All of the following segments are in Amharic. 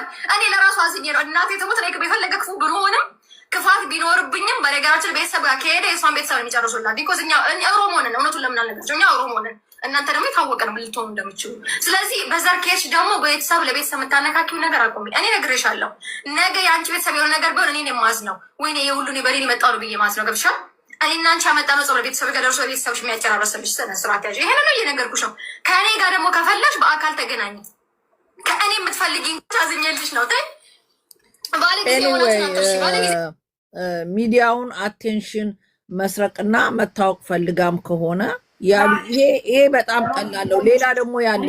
ይሆናል። እኔ ለራሱ አዝኜ ነው እናቴ ትሙት እኔ የፈለገ ክፉ ብንሆንም ክፋት ቢኖርብኝም በነገራችን ቤተሰብ ጋር ከሄደ የእሷን ቤተሰብ ነው የሚጨርሱላት። ቢኮዝ እኛ ኦሮሞ ነን። እውነቱን ለምን አልነገራቸው? እኛ ኦሮሞ ነን። እናንተ ደግሞ የታወቀ ነው ልትሆኑ እንደምችሉ። ስለዚህ በዘር ኬሽ ደግሞ በቤተሰብ ለቤተሰብ የምታነካኪው ነገር አቆሚ። እኔ ነግሬሻለሁ። ነገ የአንቺ ቤተሰብ የሆነ ነገር ቢሆን እኔን የማዝ ነው ወይ የሁሉን በሌል መጣው ብዬ ማዝ ነው ገብሻል። እኔ እና ያመጣ ነው ጸብ ቤተሰብ ጋር ደርሶ ቤተሰብሽ የሚያጨራረሰብሽ ስነ ስርዓት ያዥ። ይሄንን እየነገርኩሽ ነው። ከእኔ ጋር ደግሞ ከፈለሽ በአካል ተገናኝ። ከእኔ የምትፈልጊ ታዝኛልሽ ነው። ባለጊዜ ሚዲያውን አቴንሽን መስረቅና መታወቅ ፈልጋም ከሆነ ይሄ በጣም ቀላለው። ሌላ ደግሞ ያለ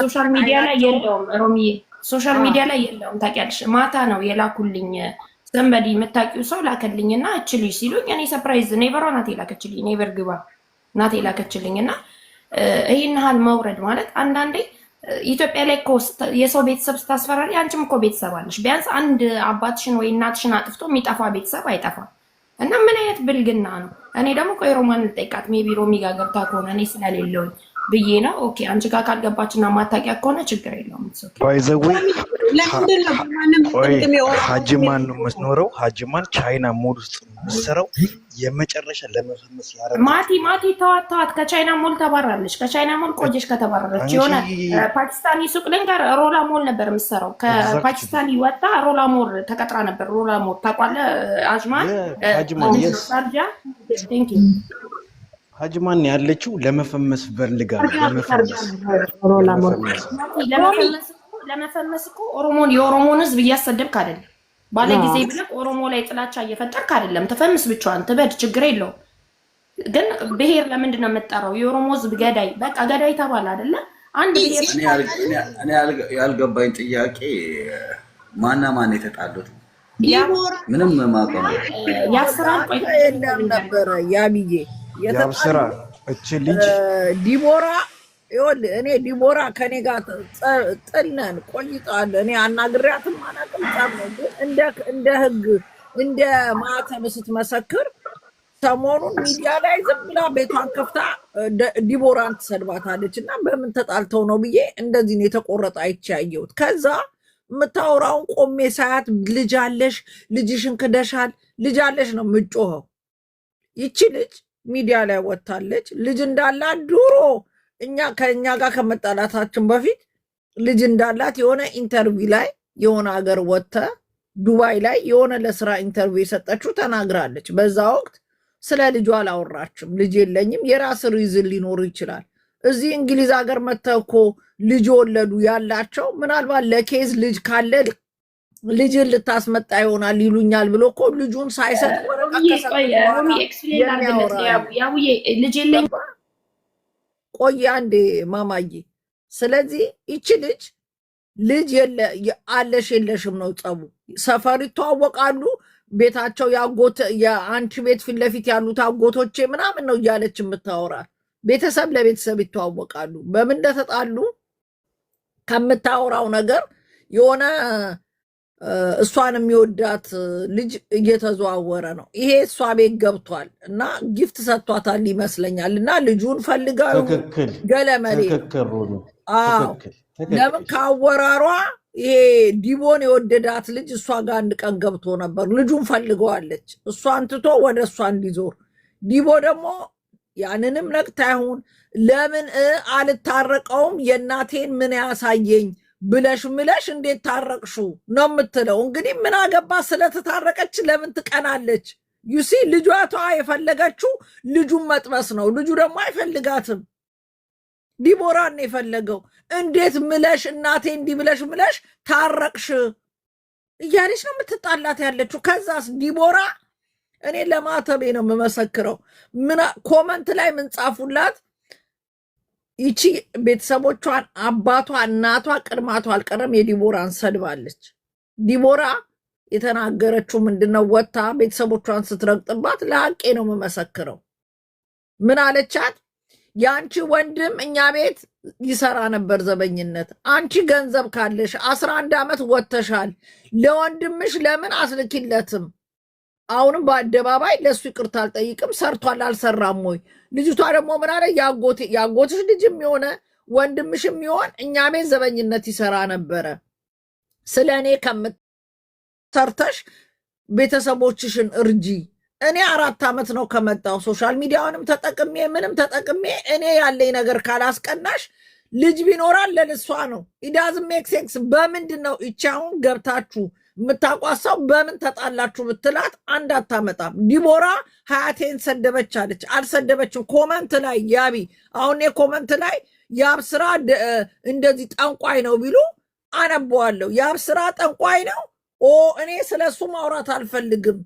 ሶሻል ሚዲያ ላይ የለውም፣ ሮሚዬ ሶሻል ሚዲያ ላይ የለውም። ታውቂያለሽ፣ ማታ ነው የላኩልኝ ዘንበዲ የምታውቂው ሰው ላከልኝ እና እችልሽ ሲሉኝ እኔ ሰፕራይዝ ኔቨሯ ናት የላከችልኝ ኔቨር ግባ ናት የላከችልኝ እና ይህን ሀል መውረድ ማለት አንዳንዴ ኢትዮጵያ ላይ የሰው ቤተሰብ ስታስፈራሪ አንቺም እኮ ቤተሰብ አለሽ። ቢያንስ አንድ አባትሽን ወይ እናትሽን አጥፍቶ የሚጠፋ ቤተሰብ አይጠፋም። እና ምን አይነት ብልግና ነው? እኔ ደግሞ ቆይ ሮማን ልጠይቃት ሜቢ ሮሚ ጋር ገብታ ከሆነ እኔ ስለሌለውኝ ብዬ ነው። ኦኬ አንቺ ጋር ካልገባችና ማታቂያ ከሆነ ችግር የለውም። ሀጅማን ነው የምትኖረው። ሀጅማን ቻይና ሞል ውስጥ ነው የምትሰራው። የመጨረሻ ለመፈመስ ያረ ማቲ ማቲ ተዋት ተዋት። ከቻይና ሞል ተባራለች። ከቻይና ሞል ቆየች ከተባራለች የሆነ ፓኪስታኒ ሱቅ ልንገር፣ ሮላ ሞል ነበር የምትሰራው። ከፓኪስታኒ ወጣ ሮላ ሞል ተቀጥራ ነበር። ሮላ ሞል ታቋለ አጅማን ሳርጃ ሀጅማን ያለችው ለመፈመስ ፈልጋ ለመፈመስ እኮ ኦሮሞን የኦሮሞን ህዝብ እያሰደብክ አይደለም። ባለ ጊዜ ብለህ ኦሮሞ ላይ ጥላቻ እየፈጠርክ አይደለም። ተፈምስ ብቻዋን ትበድ ችግር የለውም። ግን ብሄር ለምንድን ነው የምጠራው? የኦሮሞ ህዝብ ገዳይ በቃ ገዳይ ተባለ አይደለ? አንድ ያልገባኝ ጥያቄ ማና ማን የተጣሉት? ምንም ማቆም ያስራል ቆይ ነበረ ያሚዬ ያብስራ እቺ ልጅ ዲቦራ ይኸውልህ እኔ ዲቦራ ከኔ ጋር ጥልነን ቆይጣለ ቆይተዋል። እኔ አናግሪያትም አላውቅም። ጣም ነው ግን እንደ ህግ እንደ ማዕተም ስትመሰክር ሰሞኑን ሚዲያ ላይ ዝም ብላ ቤቷን ከፍታ ዲቦራን ትሰድባታለች። እና በምን ተጣልተው ነው ብዬ እንደዚህ ነው የተቆረጠ አይቻየሁት። ከዛ የምታወራውን ቆሜ ሳያት ልጅ አለሽ፣ ልጅሽን ክደሻል፣ ልጅ አለሽ ነው የምጮኸው ይቺ ልጅ ሚዲያ ላይ ወጥታለች። ልጅ እንዳላት ድሮ እኛ ከእኛ ጋር ከመጣላታችን በፊት ልጅ እንዳላት የሆነ ኢንተርቪው ላይ የሆነ ሀገር ወጥተ ዱባይ ላይ የሆነ ለስራ ኢንተርቪው የሰጠችው ተናግራለች። በዛ ወቅት ስለ ልጇ አላወራችም። ልጅ የለኝም፣ የራስ ሪዝን ሊኖሩ ይችላል። እዚህ እንግሊዝ ሀገር መተኮ ልጅ ወለዱ ያላቸው ምናልባት ለኬዝ ልጅ ካለ ልጅን ልታስመጣ ይሆናል ይሉኛል ብሎ እኮ ልጁን ሳይሰጥ ቆይ አንዴ ማማዬ። ስለዚህ ይቺ ልጅ ልጅ አለሽ የለሽም ነው ጸቡ። ሰፈር ይተዋወቃሉ። ቤታቸው የአንቺ ቤት ፊት ለፊት ያሉት አጎቶቼ ምናምን ነው እያለች የምታወራ። ቤተሰብ ለቤተሰብ ይተዋወቃሉ። በምን እንደተጣሉ ከምታወራው ነገር የሆነ እሷን የሚወዳት ልጅ እየተዘዋወረ ነው። ይሄ እሷ ቤት ገብቷል እና ጊፍት ሰጥቷታል ይመስለኛል። እና ልጁን ፈልጋሉ ገለመሌ ለምን ከአወራሯ ይሄ ዲቦን የወደዳት ልጅ እሷ ጋር አንድ ቀን ገብቶ ነበር። ልጁን ፈልገዋለች፣ እሷን ትቶ ወደ እሷ እንዲዞር። ዲቦ ደግሞ ያንንም ነቅታ ይሁን ለምን አልታረቀውም የእናቴን ምን ያሳየኝ ብለሽ ምለሽ እንዴት ታረቅሹ ነው የምትለው። እንግዲህ ምን አገባ ስለተታረቀች ለምን ትቀናለች? ዩሲ ልጇቷ የፈለገችው ልጁን መጥበስ ነው። ልጁ ደግሞ አይፈልጋትም። ዲቦራን ነው የፈለገው። እንዴት ምለሽ እናቴ እንዲህ ብለሽ ምለሽ ታረቅሽ እያለች ነው የምትጣላት ያለችው። ከዛስ ዲቦራ እኔ ለማተቤ ነው የምመሰክረው። ኮመንት ላይ ምንጻፉላት ይቺ ቤተሰቦቿን አባቷ፣ እናቷ፣ ቅድማቷ አልቀረም የዲቦራን ሰድባለች። ዲቦራ የተናገረችው ምንድነው? ወታ ቤተሰቦቿን ስትረግጥባት ለሀቄ ነው የምመሰክረው። ምን አለቻት? የአንቺ ወንድም እኛ ቤት ይሰራ ነበር ዘበኝነት። አንቺ ገንዘብ ካለሽ አስራ አንድ ዓመት ወተሻል። ለወንድምሽ ለምን አስልኪለትም? አሁንም በአደባባይ ለእሱ ይቅርታ አልጠይቅም። ሰርቷል አልሰራም ወይ? ልጅቷ ደግሞ ምን አለ የአጎትሽ ልጅ የሆነ ወንድምሽ የሚሆን እኛ ቤት ዘበኝነት ይሰራ ነበረ። ስለ እኔ ከምሰርተሽ ቤተሰቦችሽን እርጂ። እኔ አራት ዓመት ነው ከመጣው ሶሻል ሚዲያውንም ተጠቅሜ ምንም ተጠቅሜ እኔ ያለኝ ነገር ካላስቀናሽ ልጅ ቢኖራል ለልሷ ነው። ኢዳዝ ሜክሴክስ በምንድን ነው ይቻውን ገብታችሁ የምታቋሳው በምን ተጣላችሁ ብትላት አንድ አታመጣም። ዲቦራ ሀያቴን ሰደበች አለች። አልሰደበችም። ኮመንት ላይ ያቢ አሁን ኮመንት ላይ ያብ ስራ እንደዚህ ጠንቋይ ነው ቢሉ አነበዋለሁ። ያብ ስራ ጠንቋይ ነው። ኦ እኔ ስለ እሱ ማውራት አልፈልግም።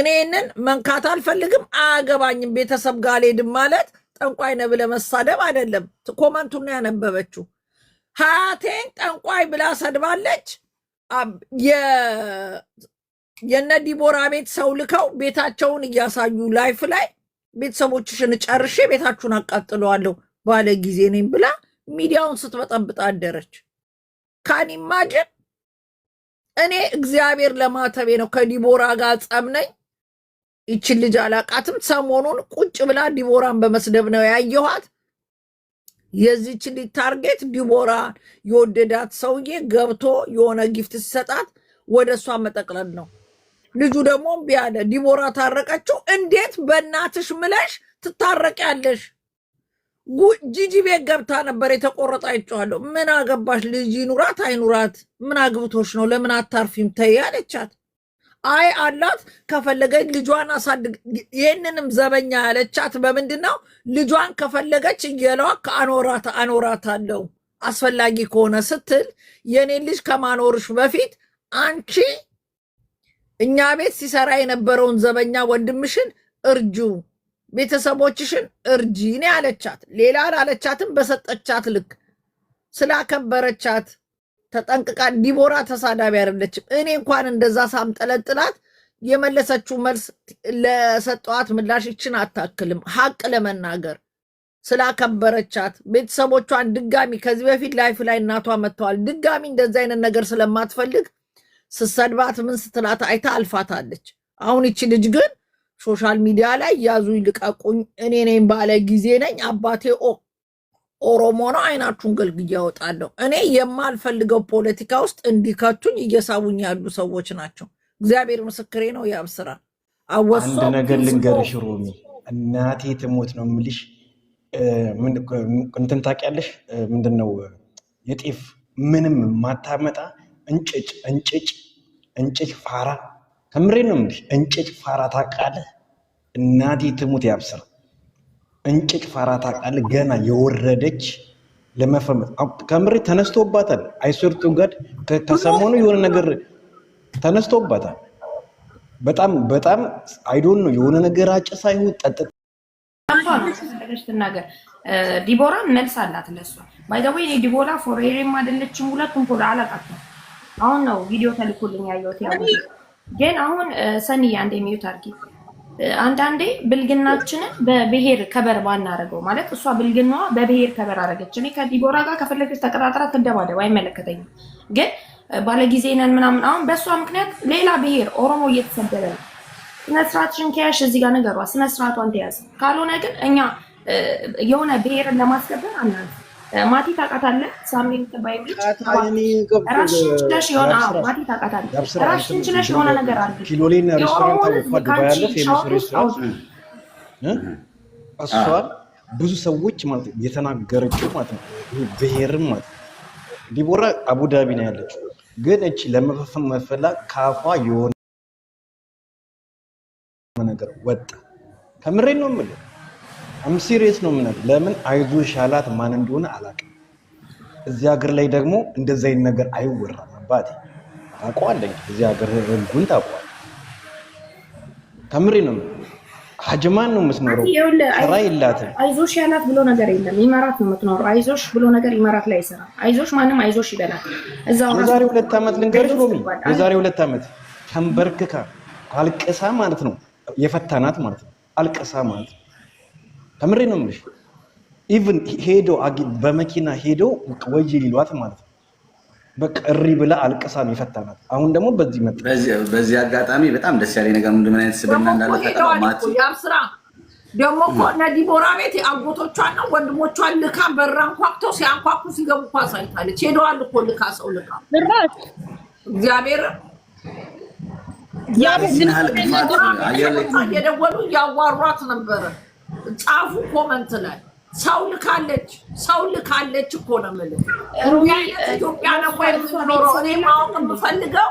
እኔንን መንካት አልፈልግም። አያገባኝም። ቤተሰብ ጋር አልሄድም ማለት ጠንቋይ ነው ብለህ መሳደብ አይደለም። ኮመንቱን ያነበበችው ሀያቴን ጠንቋይ ብላ ሰድባለች። የነ ዲቦራ ቤት ሰው ልከው ቤታቸውን እያሳዩ ላይፍ ላይ ቤተሰቦችሽን ጨርሼ ቤታችሁን አቃጥለዋለሁ ባለ ጊዜ ነኝ ብላ ሚዲያውን ስትበጠብጥ አደረች። ካን ኢማጅን እኔ እግዚአብሔር ለማተቤ ነው ከዲቦራ ጋር ጸብ ነኝ። ይችን ልጅ አላቃትም። ሰሞኑን ቁጭ ብላ ዲቦራን በመስደብ ነው ያየኋት። የዚች ልጅ ታርጌት ዲቦራ የወደዳት ሰውዬ ገብቶ የሆነ ጊፍት ሲሰጣት ወደ እሷ መጠቅለል ነው። ልጁ ደግሞ እምቢ አለ። ዲቦራ ታረቀችው። እንዴት በእናትሽ ምለሽ ትታረቂያለሽ? ጂጂ ቤት ገብታ ነበር የተቆረጠ አይቼዋለሁ። ምን አገባሽ? ልጅ ይኑራት አይኑራት ምን አግብቶሽ ነው? ለምን አታርፊም? ተይ አለቻት። አይ አላት ከፈለገች ልጇን አሳድግ። ይህንንም ዘበኛ ያለቻት በምንድን ነው? ልጇን ከፈለገች እየለዋ ከአኖራት አኖራት አለው አስፈላጊ ከሆነ ስትል የኔ ልጅ ከማኖርሽ በፊት አንቺ እኛ ቤት ሲሰራ የነበረውን ዘበኛ ወንድምሽን እርጁ፣ ቤተሰቦችሽን እርጂኔ አለቻት። ሌላ አላለቻትም። በሰጠቻት ልክ ስላከበረቻት ተጠንቅቃ ዲቦራ ተሳዳቢ አይደለችም። እኔ እንኳን እንደዛ ሳምጠለጥላት የመለሰችው መልስ ለሰጠዋት ምላሽ ይችን አታክልም። ሀቅ ለመናገር ስላከበረቻት ቤተሰቦቿን ድጋሚ ከዚህ በፊት ላይፍ ላይ እናቷ መጥተዋል። ድጋሚ እንደዚ አይነት ነገር ስለማትፈልግ ስሰድባት ምን ስትላት አይታ አልፋታለች። አሁን ይቺ ልጅ ግን ሶሻል ሚዲያ ላይ ያዙ ይልቀቁኝ፣ እኔ ነኝ ባለ ጊዜ ነኝ አባቴ ኦ ኦሮሞ ነው አይናችሁን ገልግዬ ያወጣለሁ። እኔ የማልፈልገው ፖለቲካ ውስጥ እንዲከቱኝ እየሳቡኝ ያሉ ሰዎች ናቸው። እግዚአብሔር ምስክሬ ነው። ያብስራል አወሶ አንድ ነገር ልንገርሽ ሮሚ፣ እናቴ ትሞት ነው የምልሽ። እንትን ታውቂያለሽ፣ ምንድን ነው የጤፍ ምንም ማታመጣ እንጭጭ እንጭጭ እንጭጭ ፋራ፣ ከምሬ ነው የምልሽ። እንጭጭ ፋራ ታውቃለህ? እናቴ ትሞት ያብስራ እንጭጭ ፋራት አቃል ገና የወረደች ለመፈመስ ከምሪ ተነስቶባታል። አይሰርቱ ጋድ ከሰሞኑ የሆነ ነገር ተነስቶባታል። በጣም በጣም አይዶን ነው የሆነ ነገር አጭሳ ይሁን ጠጥታ ትናገር። ዲቦራም መልስ አላት ባይ ዘ ባይዘወይ እኔ ዲቦራ ፎሬሬም አይደለችም። ሁለቱም ፎር አላቃትም። አሁን ነው ቪዲዮ ተልኮልኝ ያየሁት። ግን አሁን ሰኒያ እንደሚዩት አድርጊ አንዳንዴ ብልግናችንን በብሄር ከበር ባናደርገው ማለት እሷ ብልግናዋ በብሄር ከበር አደረገች። እኔ ከዲቦራ ጋር ከፈለገች ተቀጣጥራ ትደባደብ አይመለከተኝም። ግን ባለጊዜ ነን ምናምን አሁን በእሷ ምክንያት ሌላ ብሄር ኦሮሞ እየተሰደበ ነው። ስነስርዓትሽን ከያሽ እዚህ ጋር ነገሯ ስነስርዓቷን ተያዝ። ካልሆነ ግን እኛ የሆነ ብሄርን ለማስከበር አናንስ ማቲ ታውቃታለህ? ሳሚ የምትባይ ልጅ ችለሽ የሆነ ማቲ ታውቃታለህ? ብዙ ሰዎች ማለት ነው የተናገረችው ማለት ነው ብሔርም ማለት ነው። ዲቦራ አቡዳቢ ነው ያለችው፣ ግን እቺ መፈላ ካፏ የሆነ ነገር ወጣ። ከምሬን ነው የምልህ አም ሲሪየስ ነው ምናል ለምን አይዞሽ ያላት ማን እንደሆነ አላውቅም። እዚህ ሀገር ላይ ደግሞ እንደዛ አይነት ነገር አይወራም። አባቴ ታውቀዋለህ፣ እዚህ ሀገር ህጉን ታውቀዋለህ። ከምሬ ነው። ሀጅማን ነው የምትኖረው፣ ስራ የላትም። አይዞሽ ያላት ብሎ ነገር የለም። ይመራት ነው የምትኖረው። አይዞሽ ብሎ ነገር ይመራት ላይ ስራ አይዞሽ፣ ማንም አይዞሽ ይበላል። እዛው የዛሬ ሁለት ዓመት ልንገርሽ፣ ሎሚ የዛሬ ሁለት ዓመት ተንበርክካ አልቅሳ ማለት ነው የፈታናት ማለት ነው አልቅሳ ማለት ነው ተምሬ ነው የምልሽ። ኢቭን ሄዶ በመኪና ሄዶ ወጅ ሊሏት ማለት ነው። በቃ እሪ ብላ አልቅሳም ይፈታናል። አሁን ደግሞ በዚህ መጣ። በዚህ አጋጣሚ በጣም ደስ ያለኝ ነገር ምንድን ምን አይነት ስብና እንዳለ ተቀማት ስራ ደግሞ እኮ እነ ዲቦራ ቤት አጎቶቿና ወንድሞቿን ልካ በራ እንኳቅተው ሲያንኳኩ ሲገቡ እኮ አሳይታለች። ሄደዋል እኮ ልካ ሰው ልካ እግዚአብሔር የደወሉ እያዋሯት ነበረ ጻፉ ኮመንት ላይ ሰው ልካለች፣ ሰው ልካለች እኮ ነው የምልህ። ኢትዮጵያ ነው የምትኖረው። እኔ ማወቅ የምፈልገው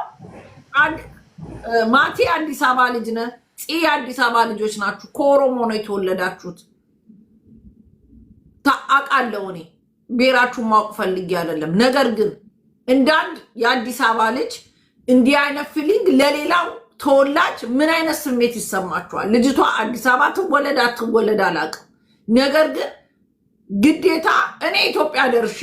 ማቴ አዲስ አበባ ልጅ ነ ጽ የአዲስ አበባ ልጆች ናችሁ። ከኦሮሞ ነው የተወለዳችሁት። ታውቃለሁ እኔ ብሔራችሁን ማወቅ ፈልጌ አይደለም። ነገር ግን እንዳንድ የአዲስ አበባ ልጅ እንዲህ አይነት ፊሊንግ ለሌላው ተወላጅ ምን አይነት ስሜት ይሰማችኋል? ልጅቷ አዲስ አበባ ትወለድ አትወለድ አላውቅም። ነገር ግን ግዴታ እኔ ኢትዮጵያ ደርሼ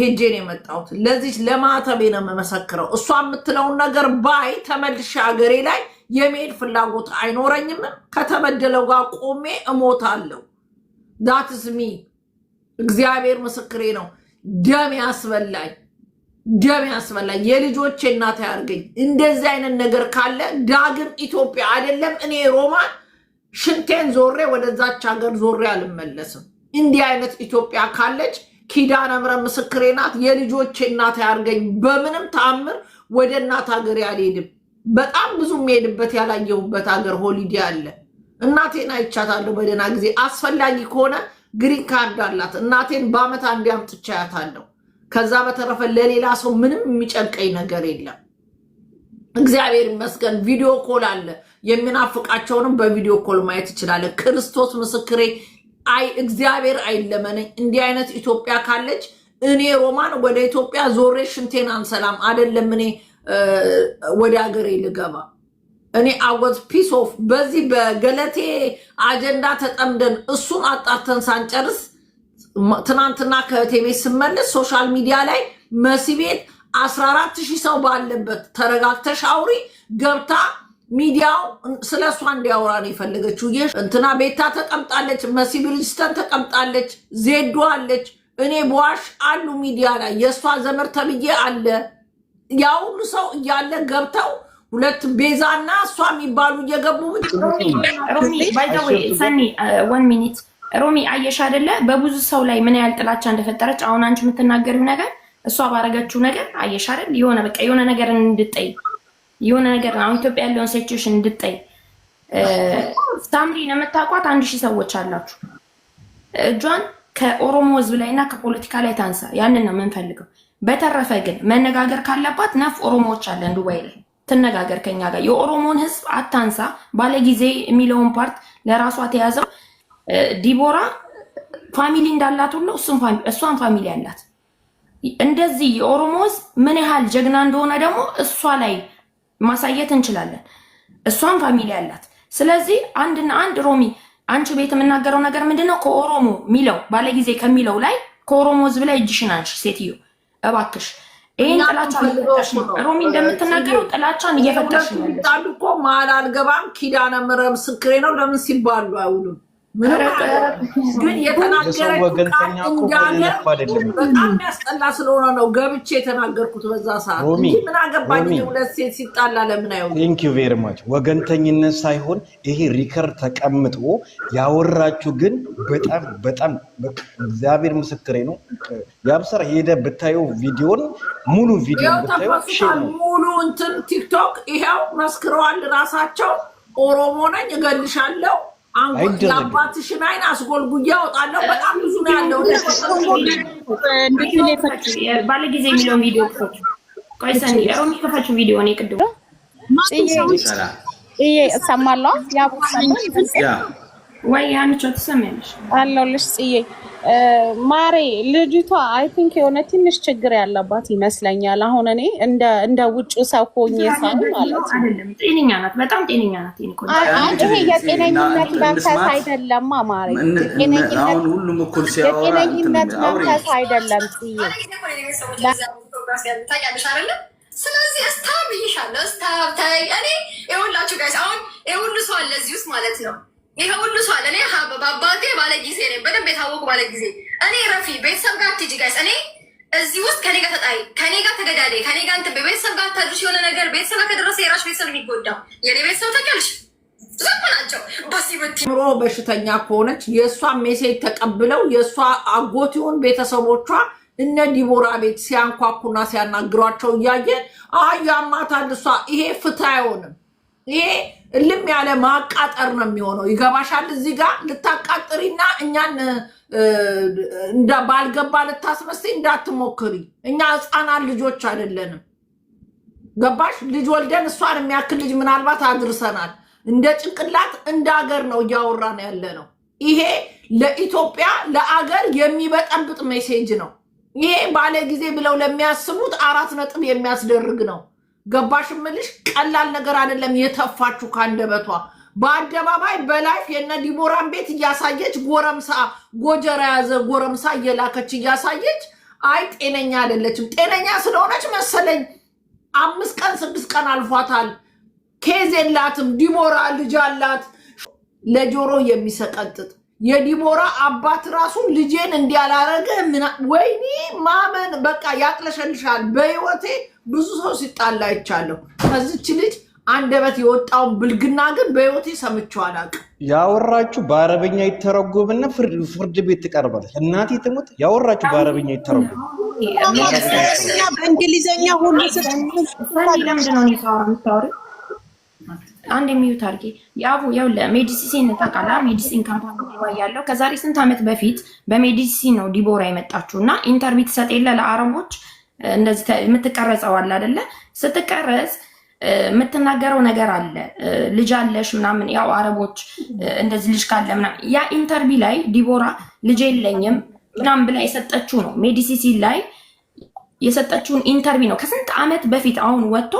ሄጄን የመጣሁት ለዚች ለማተቤ ነው የምመሰክረው። እሷ የምትለውን ነገር ባይ ተመልሼ ሀገሬ ላይ የመሄድ ፍላጎት አይኖረኝም። ከተበደለው ጋር ቆሜ እሞታለሁ። ሚ እግዚአብሔር ምስክሬ ነው። ደም ያስበላኝ ደም ያስመላኝ የልጆቼ እናት ያርገኝ። እንደዚህ አይነት ነገር ካለ ዳግም ኢትዮጵያ አይደለም እኔ ሮማን ሽንቴን ዞሬ ወደዛች ሀገር ዞሬ አልመለስም። እንዲህ አይነት ኢትዮጵያ ካለች ኪዳነ ምሕረት ምስክሬ ናት። የልጆቼ እናት ያርገኝ። በምንም ተአምር ወደ እናት ሀገር አልሄድም። በጣም ብዙ የሚሄድበት ያላየሁበት ሀገር ሆሊዴ አለ። እናቴን አይቻታለሁ በደህና ጊዜ። አስፈላጊ ከሆነ ግሪን ካርድ አላት። እናቴን በአመት አንዴ አምጥቻ ከዛ በተረፈ ለሌላ ሰው ምንም የሚጨንቀኝ ነገር የለም። እግዚአብሔር ይመስገን። ቪዲዮ ኮል አለ። የሚናፍቃቸውንም በቪዲዮ ኮል ማየት ይችላለ። ክርስቶስ ምስክሬ። አይ እግዚአብሔር አይለመነኝ። እንዲህ አይነት ኢትዮጵያ ካለች እኔ ሮማን ወደ ኢትዮጵያ ዞሬ ሽንቴናን ሰላም አደለም። እኔ ወደ ሀገሬ ልገባ እኔ አወዝ ፒስ ኦፍ በዚህ በገለቴ አጀንዳ ተጠምደን እሱን አጣርተን ሳንጨርስ ትናንትና ከእቴ ቤት ስመለስ ሶሻል ሚዲያ ላይ መሲ ቤት አስራ አራት ሺህ ሰው ባለበት ተረጋግተሽ አውሪ ገብታ ሚዲያው ስለ እሷ እንዲያወራ ነው የፈለገችው። እንትና ቤታ ተቀምጣለች፣ መሲ ብሪጅስተን ተቀምጣለች፣ ዜዱ አለች፣ እኔ በዋሽ አሉ ሚዲያ ላይ የእሷ ዘመር ተብዬ አለ። ያ ሁሉ ሰው እያለ ገብተው ሁለት ቤዛና እሷ የሚባሉ እየገቡ ሰኒ uh, ሮሚ አየሽ አይደለ? በብዙ ሰው ላይ ምን ያህል ጥላቻ እንደፈጠረች አሁን አንቺ የምትናገሪው ነገር እሷ ባረገችው ነገር አየሽ አይደል? የሆነ በቃ የሆነ ነገር እንድጠይ የሆነ ነገር አሁን ኢትዮጵያ ያለውን ሴቹዌሽን እንድጠይ ሳምሪን የምታውቋት አንድ ሺህ ሰዎች አላችሁ። እጇን ከኦሮሞ ህዝብ ላይ እና ከፖለቲካ ላይ ታንሳ። ያንን ነው የምንፈልገው። በተረፈ ግን መነጋገር ካለባት ነፍ ኦሮሞዎች አለን ዱባይ ላይ ትነጋገር ከኛ ጋር። የኦሮሞን ህዝብ አታንሳ። ባለጊዜ የሚለውን ፓርት ለራሷ ተያዘው ዲቦራ ፋሚሊ እንዳላት ሁሉ እሷን ፋሚሊ አላት። እንደዚህ የኦሮሞ ሕዝብ ምን ያህል ጀግና እንደሆነ ደግሞ እሷ ላይ ማሳየት እንችላለን። እሷን ፋሚሊ አላት። ስለዚህ አንድና አንድ ሮሚ፣ አንቺ ቤት የምናገረው ነገር ምንድነው? ነው? ከኦሮሞ ሚለው ባለጊዜ ከሚለው ላይ ከኦሮሞ ሕዝብ ላይ እጅሽን አንሽ ሴትዮ፣ እባክሽ ይህን ጥላቻ ነው። ሮሚ እንደምትናገረው ጥላቻን እየፈጠርሽ ነው። ሁለቱ እኮ መሀል አልገባም። ኪዳነ ምሕረት ምስክሬ ነው። ለምን ሲባሉ አይውሉም ግን የተናገረችው ቃል በጣም ስለሆነ ነው ገብቼ የተናገርኩት በዛ ሰዓት ምን አገባኝ። ሁለት ሴት ሲጣላ ለምን ቴንክ ዩ ቬሪ ማች። ወገንተኝነት ሳይሆን ይሄ ሪከር ተቀምጦ ያወራችሁ ግን በጣም በጣም እግዚአብሔር ምስክሬ ነው። ሄደ ቪዲዮን ሙሉ ቪዲዮ ሙሉ እንትን ቲክቶክ ይኸው መስክረዋል ራሳቸው ኦሮሞ ነኝ እገልሻለሁ የአባትሽን አይን አስጎልጉዬ አወጣለሁ። በጣም ብዙ ነው ያለው። ባለ ጊዜ የሚለውን ቪዲዮ ከፈችው ቪዲዮ እኔ ቅድም እሰማለሁ ወይ አንቺ ተሰማሽ አለሁልሽ ጽዬ ማሬ ልጅቷ አይ ቲንክ የሆነ ትንሽ ችግር ያለባት ይመስለኛል። አሁን እኔ እንደ እንደ ውጭ ሰው ሆኜ ሳይ ማለት አይደለም፣ ጤነኛ ናት፣ በጣም ጤነኛ ናት። ይሄ የጤነኝነት መንፈስ አይደለም ማሬ፣ የጤነኝነት መንፈስ አይደለም ጽዬ ስለዚህ እስታብ ይሻለ እስታብ ታይ እኔ የሁላችሁ ጋይስ አሁን የሁሉ ሰው አለ እዚህ ውስጥ ማለት ነው ይሄ ሁሉ ሰው አለ። እኔ በአባቴ ባለ ጊዜ ነኝ፣ በደንብ የታወቁ ባለ ጊዜ እኔ ረፊ ቤተሰብ ጋር አትሂጂ ጋይስ። እኔ እዚህ ውስጥ ከኔ ጋር ተጣይ፣ ከኔ ጋር ተገዳደ፣ ከኔ ጋር እንትን ቤተሰብ ጋር ታድርሽ የሆነ ነገር ቤተሰብ ጋር ከደረሰ የራሽ ቤተሰብ የሚጎዳው የኔ ቤተሰብ ታውቂያለሽ፣ ምሮ በሽተኛ ከሆነች የእሷ ሜሴጅ ተቀብለው የእሷ አጎት ይሁን ቤተሰቦቿ እነ ዲቦራ ቤት ሲያንኳኩና ሲያናግሯቸው እያየ አያማታል እሷ። ይሄ ፍትህ አይሆንም ይሄ እልም ያለ ማቃጠር ነው የሚሆነው። ይገባሻል? እዚህ ጋር ልታቃጥሪና እኛን እንደ ባልገባ ልታስመስይ እንዳትሞክሪ። እኛ ህፃናት ልጆች አይደለንም። ገባሽ? ልጅ ወልደን እሷን የሚያክል ልጅ ምናልባት አድርሰናል። እንደ ጭንቅላት እንደ አገር ነው ነው ያለ ነው። ይሄ ለኢትዮጵያ ለአገር የሚበጠብጥ ሜሴጅ ነው። ይሄ ባለ ጊዜ ብለው ለሚያስቡት አራት ነጥብ የሚያስደርግ ነው። ገባሽ ምልሽ ቀላል ነገር አይደለም። የተፋችሁ ካንደበቷ በአደባባይ በላይፍ የነ ዲቦራን ቤት እያሳየች ጎረምሳ ጎጀራ ያዘ ጎረምሳ እየላከች እያሳየች አይ ጤነኛ አይደለችም። ጤነኛ ስለሆነች መሰለኝ አምስት ቀን ስድስት ቀን አልፏታል። ኬዝ የላትም ዲቦራ ልጅ አላት። ለጆሮ የሚሰቀጥጥ የዲቦራ አባት ራሱ ልጄን እንዲያላረገ ወይኔ ማመን በቃ ያቅለሸልሻል በህይወቴ ብዙ ሰው ሲጣላ አይቻለሁ። ከዚች ልጅ አንደበት የወጣውን ብልግና ግን በህይወቴ ሰምቼው አላውቅም። ያወራችሁ በአረበኛ ይተረጎምና ፍርድ ቤት ትቀርባል። እናቴ ትሙት ያወራችሁ በአረበኛ ይተረጎም በእንግሊዝኛ ሁሉ አንድ የሚዩት አድርጌ የአቡ ያው ለሜዲሲን ታውቃለህ፣ ሜዲሲን ካምፓኒ ያለው ከዛሬ ስንት ዓመት በፊት በሜዲሲን ነው ዲቦራ የመጣችሁ እና ኢንተርቪው ትሰጥ የለ ለአረቦች እንደዚህ የምትቀረጸው አለ አደለ? ስትቀረጽ የምትናገረው ነገር አለ። ልጅ አለሽ ምናምን፣ ያው አረቦች እንደዚህ ልጅ ካለ ምናምን፣ ያ ኢንተርቪ ላይ ዲቦራ ልጅ የለኝም ምናምን ብላ የሰጠችው ነው። ሜዲሲሲ ላይ የሰጠችውን ኢንተርቪ ነው ከስንት ዓመት በፊት አሁን ወጥቶ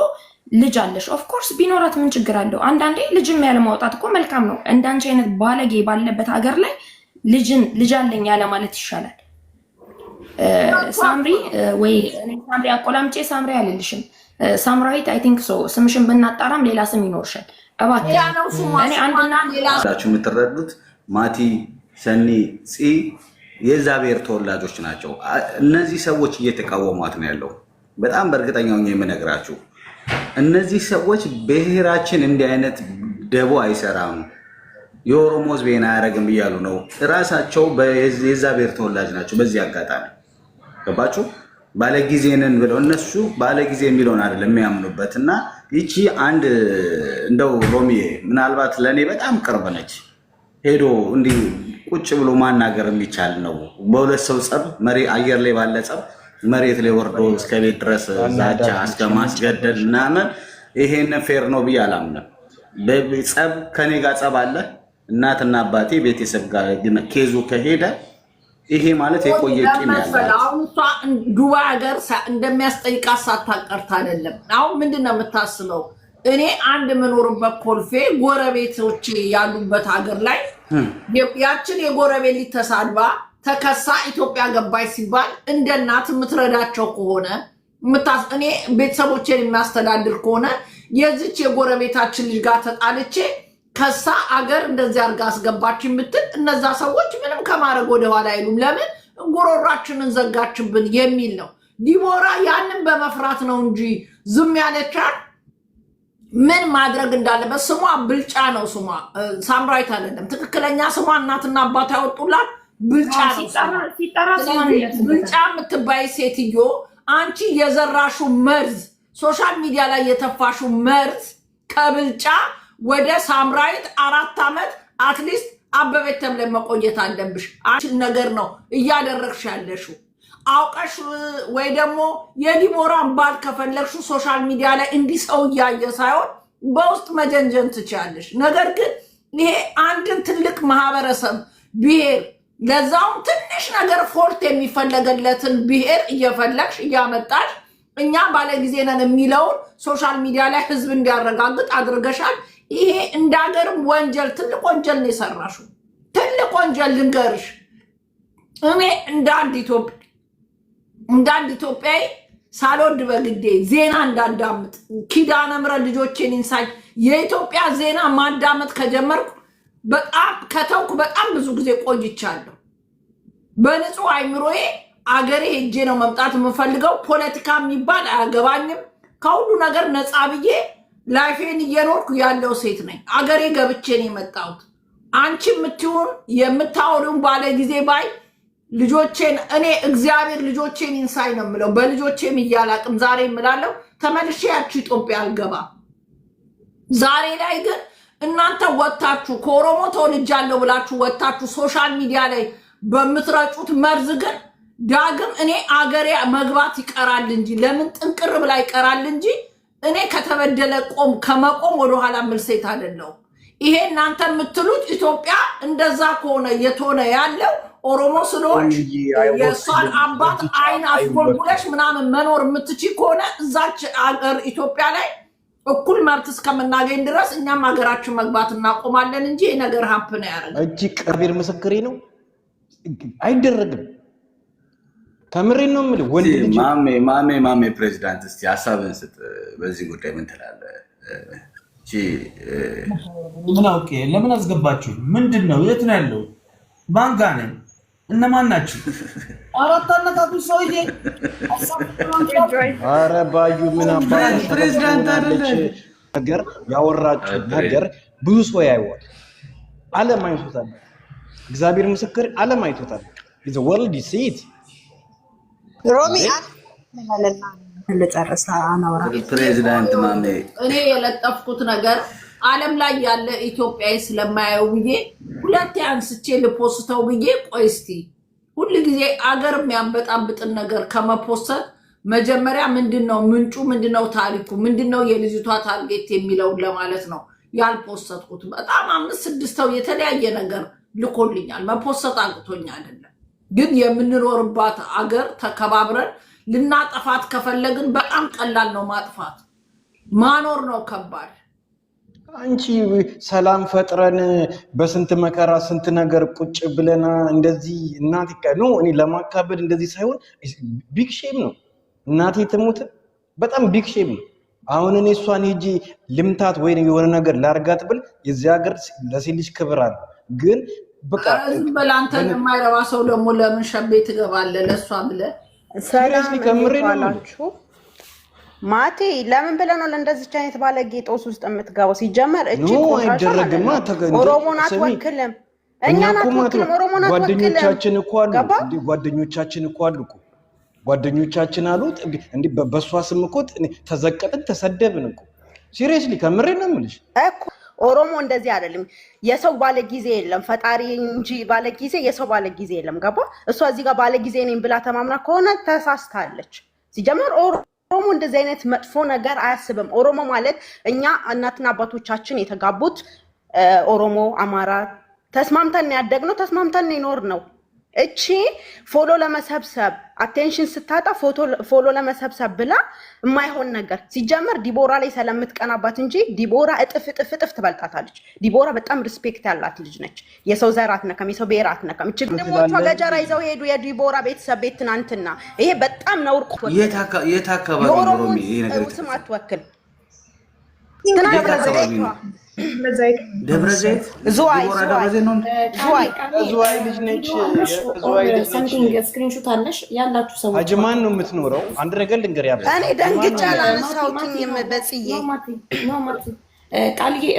ልጅ አለሽ ኦፍኮርስ ቢኖራት ምን ችግር አለው? አንዳንዴ ልጅም ያለ ማውጣት እኮ መልካም ነው። እንዳንቺ አይነት ባለጌ ባለበት ሀገር ላይ ልጅን ልጅ አለኝ ያለ ማለት ይሻላል። ሳምሪ ወይ ሳምሪ አቆላምጬ ሳምሪ አልልሽም። ሳምራዊት አይ ቲንክ ሶ ስምሽን ብናጣራም ሌላ ስም ይኖርሻል። እባክህ የምትረዱት ማቲ፣ ሰኒ፣ ፂ የእግዚአብሔር ተወላጆች ናቸው። እነዚህ ሰዎች እየተቃወሟት ነው ያለው። በጣም በእርግጠኛ ሆኜ የምነግራችሁ እነዚህ ሰዎች ብሔራችን እንዲህ አይነት ደቦ አይሰራም፣ የኦሮሞ ሕዝብ አያረግም እያሉ ነው። እራሳቸው የዛ ተወላጅ ናቸው። በዚህ አጋጣሚ ገባችሁ? ባለጊዜ ነን ብለው እነሱ ባለጊዜ የሚለውን አይደለም የሚያምኑበት። እና ይቺ አንድ እንደው ሮሚ ምናልባት ለእኔ በጣም ቅርብ ነች። ሄዶ እንዲህ ቁጭ ብሎ ማናገር የሚቻል ነው። በሁለት ሰው ጸብ፣ አየር ላይ ባለ ጸብ መሬት ላይ ወርዶ እስከ ቤት ድረስ ዛቻ እስከ ማስገደል ምናምን፣ ይሄን ፌር ነው ብዬ አላምንም። ጸብ ከኔ ጋር ጸብ አለ እናትና አባቴ ቤተሰብ ጋር ኬዙ ከሄደ ይሄ ማለት የቆየ ቂም አሁን እሷ ዱባይ ሀገር እንደሚያስጠይቃት ሳታቀርት አይደለም። አሁን ምንድን ነው የምታስበው? እኔ አንድ የምኖርበት ኮልፌ ጎረቤቶች ያሉበት ሀገር ላይ ያችን የጎረቤት ሊተሳድባ ተከሳ ኢትዮጵያ ገባች ሲባል እንደ እናት የምትረዳቸው ከሆነ እኔ ቤተሰቦቼን የሚያስተዳድር ከሆነ የዚች የጎረቤታችን ልጅ ጋር ተጣልቼ ከሳ አገር እንደዚህ አርጋ አስገባች የምትል እነዛ ሰዎች ምንም ከማድረግ ወደኋላ አይሉም። ለምን ጉሮሯችንን ዘጋችብን የሚል ነው። ዲቦራ ያንን በመፍራት ነው እንጂ ዝም ያለቻት ምን ማድረግ እንዳለበት ስሟ ብልጫ ነው። ስሟ ሳምራዊት አይደለም። ትክክለኛ ስሟ እናትና አባት ያወጡላት ብልጫ ነው። ብልጫ የምትባይ ሴትዮ አንቺ የዘራሹ መርዝ፣ ሶሻል ሚዲያ ላይ የተፋሹ መርዝ ከብልጫ ወደ ሳምራዊት አራት ዓመት አትሊስት አበቤት ተብለ መቆየት አለብሽ። አንቺን ነገር ነው እያደረግሽ ያለሽው አውቀሽ ወይ ደግሞ የዲቦራን ባል ከፈለግሽ ሶሻል ሚዲያ ላይ እንዲህ ሰው እያየ ሳይሆን በውስጥ መጀንጀን ትችያለሽ። ነገር ግን ይሄ አንድን ትልቅ ማህበረሰብ ብሄር ለዛውም ትንሽ ነገር ፎርት የሚፈለገለትን ብሄር እየፈለግሽ እያመጣሽ እኛ ባለጊዜ ነን የሚለውን ሶሻል ሚዲያ ላይ ህዝብ እንዲያረጋግጥ አድርገሻል። ይሄ እንደ ሀገርም ወንጀል ትልቅ ወንጀል ነው የሰራሹ። ትልቅ ወንጀል ልንገርሽ፣ እኔ እንደ አንድ እንደ አንድ ኢትዮጵያዊ ሳልወድ በግዴ ዜና እንዳዳምጥ ኪዳነ ምሕረት ልጆቼን ኢንሳይ የኢትዮጵያ ዜና ማዳመጥ ከጀመርኩ በጣም ከተውኩ በጣም ብዙ ጊዜ ቆይቻለሁ። በንጹህ አይምሮዬ አገሬ ሄጄ ነው መምጣት የምፈልገው። ፖለቲካ የሚባል አያገባኝም። ከሁሉ ነገር ነፃ ብዬ ላይፌን እየኖርኩ ያለው ሴት ነኝ። አገሬ ገብቼን የመጣሁት አንቺ የምትሆን የምታወሪውን ባለ ጊዜ ባይ ልጆቼን እኔ እግዚአብሔር ልጆቼን ይንሳይ ነው የምለው። በልጆቼም እያላቅም ዛሬ የምላለው ተመልሼ ያችሁ ኢትዮጵያ አልገባ። ዛሬ ላይ ግን እናንተ ወታችሁ ከኦሮሞ ተወልጃለሁ ብላችሁ ወታችሁ ሶሻል ሚዲያ ላይ በምትረጩት መርዝ ግን ዳግም እኔ አገሬ መግባት ይቀራል እንጂ ለምን ጥንቅር ብላ ይቀራል እንጂ እኔ ከተበደለ ቆም ከመቆም ወደኋላ ምል ሴት አይደለሁም። ይሄ እናንተ የምትሉት ኢትዮጵያ እንደዛ ከሆነ የትሆነ ያለው ኦሮሞ ስለሆንሽ የእሷን አባት አይን አስጎልጉለሽ ምናምን መኖር የምትች ከሆነ እዛች አገር ኢትዮጵያ ላይ እኩል መብት እስከምናገኝ ድረስ እኛም ሀገራችን መግባት እናቆማለን እንጂ ነገር ሀፕ ነው ያደረገ። እጅ ቀቢር ምስክሬ ነው አይደረግም። ከምሬ ነው የምልህ። ወንድ ልጅ ማሜ ማሜ ማሜ ፕሬዚዳንት፣ እስኪ ሀሳብህን ስጥ። በዚህ ጉዳይ ምን ትላለህ? ምን አውቄ ለምን አስገባችሁ? ምንድን ነው? የት ነው ያለው? ባንጋ ነኝ። እነማን ናችሁ? አራት አነታቱ ሰውዬ። ኧረ ባዩ ምን አባሽ ፕሬዚዳንት አይደለህ? ነገር ያወራችሁ ነገር ብዙ ሰው ያይዋል። ዓለም አይቶታል። እግዚአብሔር ምስክር ዓለም አይቶታል። ወርልድ ሲት ሮሚ ፕሬዚዳንት ማሜ እኔ የለጠፍኩት ነገር ዓለም ላይ ያለ ኢትዮጵያዊ ስለማየው ብዬ ሁለቴ አንስቼ ልፖስተው ብዬ ቆይ ሁል ጊዜ አገር የሚያበጣብጥን ነገር ከመፖሰት መጀመሪያ ምንድን ነው ምንጩ፣ ምንድነው ታሪኩ፣ ምንድነው የልጅቷ ታርጌት የሚለውን ለማለት ነው ያልፖሰትኩት። በጣም አምስት ስድስት ሰው የተለያየ ነገር ልኮልኛል። መፖሰት አቅቶኛ አይደለም። ግን የምንኖርባት አገር ተከባብረን ልናጠፋት ከፈለግን በጣም ቀላል ነው። ማጥፋት ማኖር ነው ከባድ። አንቺ ሰላም ፈጥረን በስንት መከራ ስንት ነገር ቁጭ ብለና እንደዚህ እናቴ ነው። እኔ ለማካበድ እንደዚህ ሳይሆን ቢግ ሼም ነው። እናቴ ትሙት በጣም ቢግ ሼም ነው። አሁን እኔ እሷን ሄጂ ልምታት ወይ የሆነ ነገር ላርጋት ብል የዚህ ሀገር ለሴት ልጅ ክብር አለ ግን በቃ ዝም የማይረባ ሰው ደግሞ ለምን ሸቤ ትገባለህ? ለእሷ ብለህ ሰላም ከምሬላችሁ ማቴ ለምን ብለህ ነው ለእንደዚች አይነት ባለጌ ጦስ ውስጥ የምትገባው? ሲጀመር እቺ አይደረግማ። ኦሮሞን አትወክልም፣ እኛን አትወክልም፣ ኦሮሞን ጓደኞቻችን እኮ አሉ፣ ጓደኞቻችን እኮ አሉ እኮ ጓደኞቻችን አሉት። እንዲህ በእሷ ስም እኮ ተዘቀጥን፣ ተሰደብን እኮ ሲሪየስሊ ከምሬ ነው የምልሽ ኦሮሞ እንደዚህ አይደለም። የሰው ባለ ጊዜ የለም ፈጣሪ እንጂ ባለ ጊዜ የሰው ባለ ጊዜ የለም። ገባ? እሷ እዚህ ጋር ባለ ጊዜ ነኝ ብላ ተማምና ከሆነ ተሳስታለች። ሲጀመር ኦሮሞ እንደዚህ አይነት መጥፎ ነገር አያስብም። ኦሮሞ ማለት እኛ እናትና አባቶቻችን የተጋቡት ኦሮሞ፣ አማራ ተስማምተን ያደግነው ተስማምተን ይኖር ነው እቺ ፎሎ ለመሰብሰብ አቴንሽን ስታጣ ፎሎ ለመሰብሰብ ብላ የማይሆን ነገር ሲጀመር ዲቦራ ላይ ስለምትቀናባት እንጂ ዲቦራ እጥፍ እጥፍ እጥፍ ትበልጣታለች። ዲቦራ በጣም ሪስፔክት ያላት ልጅ ነች። የሰው ዘር አትነካም፣ የሰው ብሔር አትነካም። እች ግሞቿ ገጀራ ይዘው ሄዱ የዲቦራ ቤተሰብ ቤት ትናንትና። ይሄ በጣም ነውር። የት አካባቢ ስም አትወክል ደብረ ዘይት ዝዋይ ልጅ ነች። ስክሪንሾት አለሽ ያላችሁ ሰዎች አጅማን ነው የምትኖረው። አንድ ነገር ልንገር እኔ ቃልዬ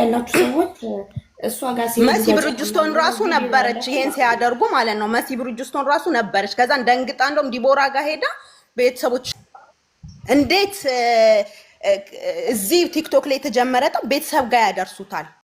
ያላችሁ ሰዎች እሷ ጋር መሲ ብርጅስቶን ራሱ ነበረች፣ ይሄን ሲያደርጉ ማለት ነው። መሲ ብርጅስቶን ራሱ ነበረች። ደንግጣ እንደውም ዲቦራ ጋር ሄዳ ቤተሰቦች እንዴት እዚህ ቲክቶክ ላይ የተጀመረ ቤተሰብ ጋር ያደርሱታል።